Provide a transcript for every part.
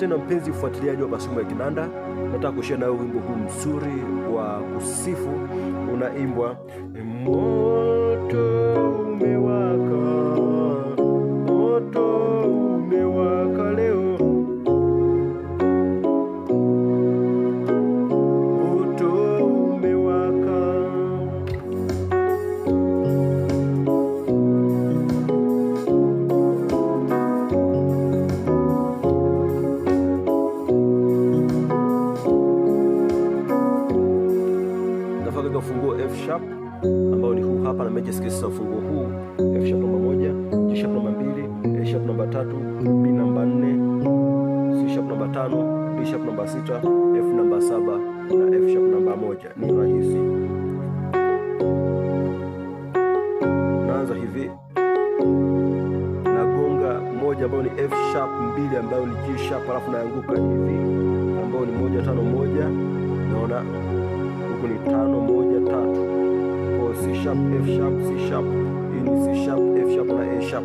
tena mpenzi ufuatiliaji wa masomo ya kinanda, nataka kushia nayo wimbo huu mzuri wa kusifu unaimbwa G skesi za ufunguo huu F sharp namba moja, G sharp namba mbili, A sharp namba tatu, B namba nne, C sharp namba tano, D sharp namba sita, F namba saba na F sharp namba moja. Ni rahisi. Naanza hivi nagonga moja ambayo ni F sharp, mbili ambayo ni G sharp, alafu naanguka hivi ambayo ni moja tano moja, naona huku ni tano moja tatu C sharp, F sharp, C sharp. in C sharp, F sharp na A sharp.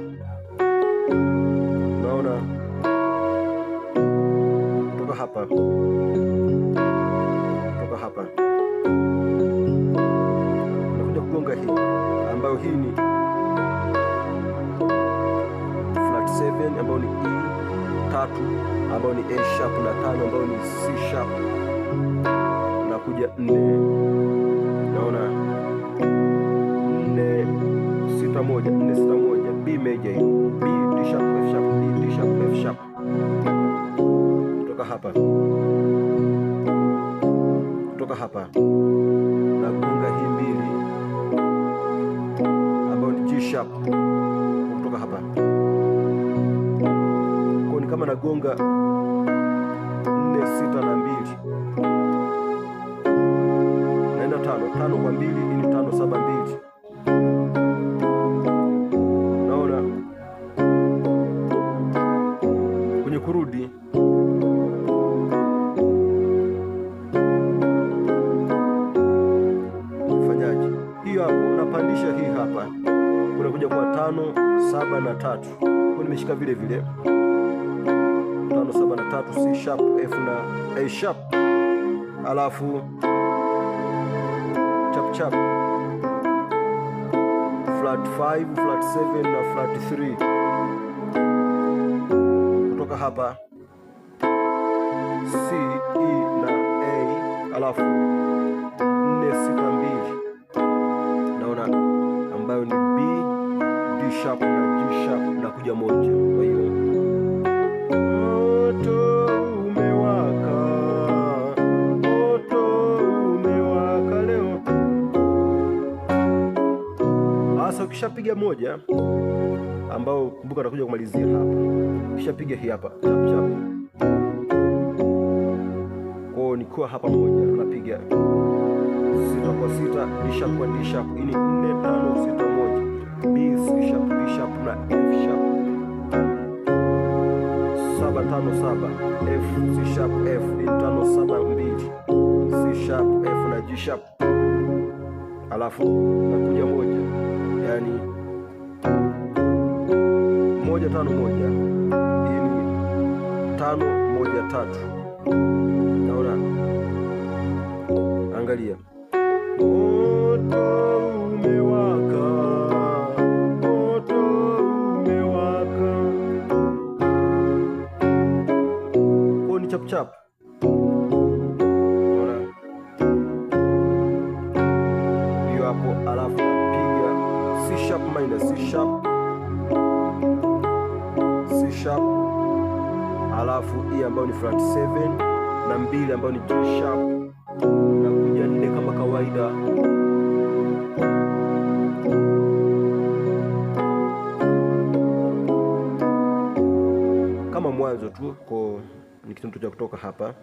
Unaona? Toka hapa. Toka hapa. Nakuja kugonga hii ambayo hii ni flat 7 ambayo ni E tatu ambayo ni A sharp na tano ambayo ni C sharp. Nakuja nne. Naona? moja nne sita moja B major B D sharp F sharp D D sharp F sharp kutoka hapa kutoka hapa na gunga hii mbili ambayo ni G sharp kutoka hapa kwa ni kama nagonga nne sita na mbili naenda tano tano kwa mbili ini tano saba mbili kurudi. Fanyaje? Hiyo hapo unapandisha hii hapa, unakuja kwa tano saba na tatu. Kwa nimeshika vile vile tano saba na tatu, C sharp F na A sharp, alafu chap chap flat 5 flat 7 na flat 3 kutoka hapa C, E na A, alafu nne sita mbili, naona ambayo ni B, D sharp na G sharp na kuja moja, kwa hiyo Ukishapiga moja ambao kumbuka atakuja kumalizia hapa, kisha piga hii hapa chap chap. Kwa nikiwa hapa moja, napiga sita kwa sita, D sharp kwa D sharp, ini nne tano sita moja, B C sharp, D sharp na F sharp, saba tano saba, F C sharp F, tano saba mbili, C sharp F na G sharp, alafu nakuja moja, yani moja tano moja ili tano moja tatu. Naona, angalia moto umewaka, moto umewaka, hapo alafu piga C sharp minor C sharp alafu E ambayo ni flat 7 na mbili ambayo ni G sharp na kuja nne kama kawaida. Kama mwanzo tu, kwa ni kitu cha kutoka hapa